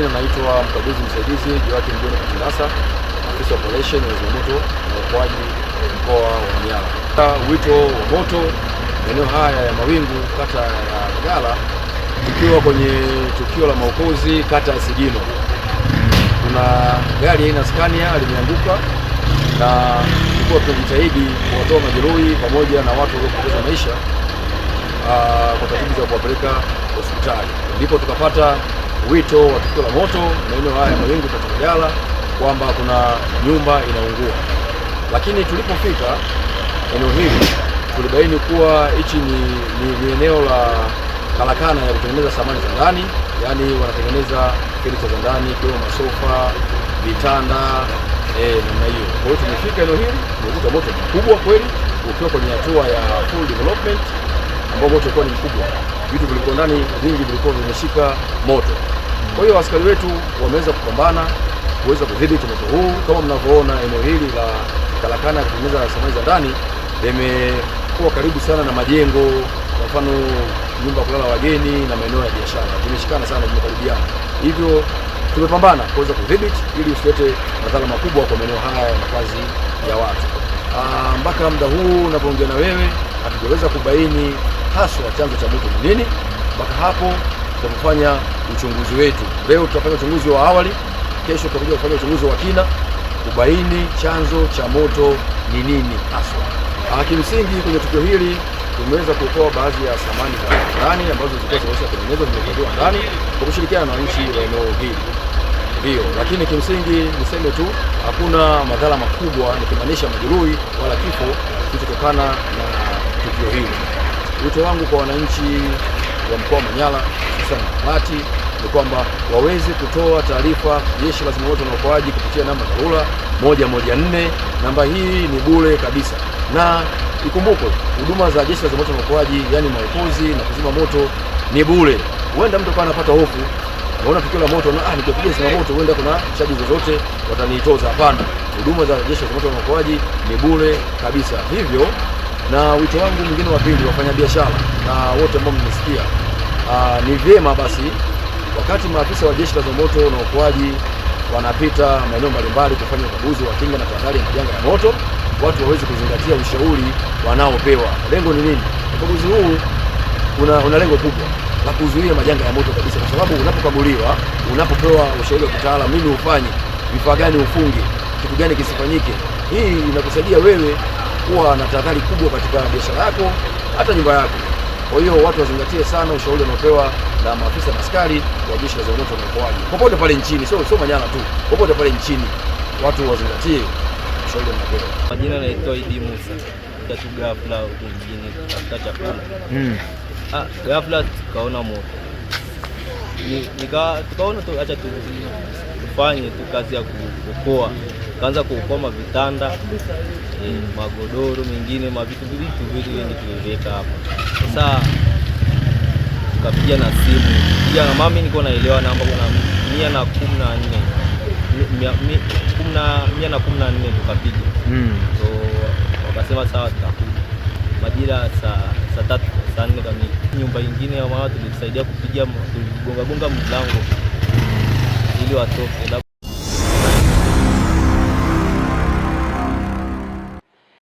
jina naitwa mkaguzi msaidizi Joakim mjini Kitindasa, afisa operation ya zimamoto na uokoaji mkoa wa Manyara. Wito wa moto maeneo haya ya Mawingu, kata ya gala tukiwa kwenye tukio la maokozi kata ya Sigino, kuna gari aina Scania limeanguka na tulikuwa tunajitahidi kuwatoa majeruhi pamoja na watu waliopoteza maisha ah, kwa taratibu za kuwapeleka hospitali, ndipo tukapata wito wa tukio la moto maeneo haya mawingu Katakajala kwamba kuna nyumba inaungua, lakini tulipofika eneo hili tulibaini kuwa hichi ni, ni, ni eneo la karakana ya kutengeneza samani za ndani, yaani wanatengeneza fenicha za ndani ikiwemo masofa, vitanda eh, namna hiyo. Kwa hiyo tumefika eneo hili tumekuta moto mkubwa kweli, ukiwa kwenye hatua ya full development ambao moto ulikuwa ni mkubwa, vitu vilikuwa ndani vingi vilikuwa vimeshika moto. Kwa hiyo askari wetu wameweza kupambana kuweza kudhibiti moto huu. Kama mnavyoona, eneo hili la karakana ya kutengeneza samani za ndani limekuwa karibu sana na majengo, kwa mfano nyumba kulala wageni na maeneo ya biashara, vimeshikana sana, vimekaribiana. Hivyo tumepambana kuweza kudhibiti ili usilete madhara makubwa kwa maeneo haya ya makazi ya watu. Ah, mpaka muda huu unapoongea na wewe hatujaweza kubaini haswa chanzo cha moto ni nini mpaka hapo tutafanya uchunguzi wetu. Leo tutafanya uchunguzi wa awali, kesho tutakuja kufanya uchunguzi wa kina kubaini chanzo cha moto ni nini haswa. Ah, kimsingi kwenye tukio hili tumeweza kuokoa baadhi ya samani za ndani ambazo zilikuwa zimeweza kutengenezwa zimehifadhiwa ndani kwa kushirikiana na wananchi wa eneo hili. ndio lakini kimsingi niseme tu hakuna madhara makubwa nikimaanisha majeruhi wala kifo kilichotokana na tukio hili. Wito wangu kwa wananchi wa mkoa wa Manyara hususan kamati ni kwamba waweze kutoa taarifa jeshi la zimamoto na uokoaji kupitia namba dharura moja moja nne. Namba hii ni bure kabisa, na ikumbukwe huduma za jeshi la zimamoto na uokoaji, yani maokozi na kuzima moto ni bure. Huenda mtu akawa anapata hofu, naona tukio la moto na ah, nitapiga zimamoto, huenda kuna chaji zozote wataniitoza. Hapana, huduma za jeshi la zimamoto na uokoaji ni bure kabisa. Hivyo na wito wangu mwingine wa pili, wafanyabiashara na wote ambao mmesikia uh, ni vyema basi wakati maafisa wa Jeshi la Zimamoto na Uokoaji wanapita maeneo mbalimbali kufanya ukaguzi wa kinga na tahadhari ya majanga ya moto, watu waweze kuzingatia ushauri wanaopewa. Lengo ni nini? Ukaguzi huu una, una lengo kubwa la kuzuia majanga ya moto kabisa, kwa sababu unapokaguliwa, unapopewa ushauri wa kitaalamu, nini ufanye, vifaa gani ufunge, kitu gani kisifanyike, hii inakusaidia wewe kuwa na tahadhari kubwa katika biashara yako, hata nyumba yako. Kwa hiyo watu wazingatie sana ushauri unaopewa na maafisa na askari wa jeshi la zimamoto na uokoaji popote pale nchini, sio sio Manyara tu, popote pale nchini watu wazingatie ushauri unaopewa. Majina yanaitwa Idi Musa. Ghafla mjini kutafuta chakula mm. Ah, ghafla tukaona moto nika tukaona tu, acha tufanye tu kazi ya kuokoa. Kaanza kuokoa mavitanda, eh, magodoro mengine, mavitu vitu vingi tuliweka hapa saa tukapiga na simu pia na mami, niko naelewa namba kuna mia na kumi na nne mia na kumi na nne tukapiga mm. So wakasema sawa, tutakuja majira saa saa tatu saa nne kamili. Nyumba ingine ya mama tulisaidia kupiga, gonga mlango ili watoke.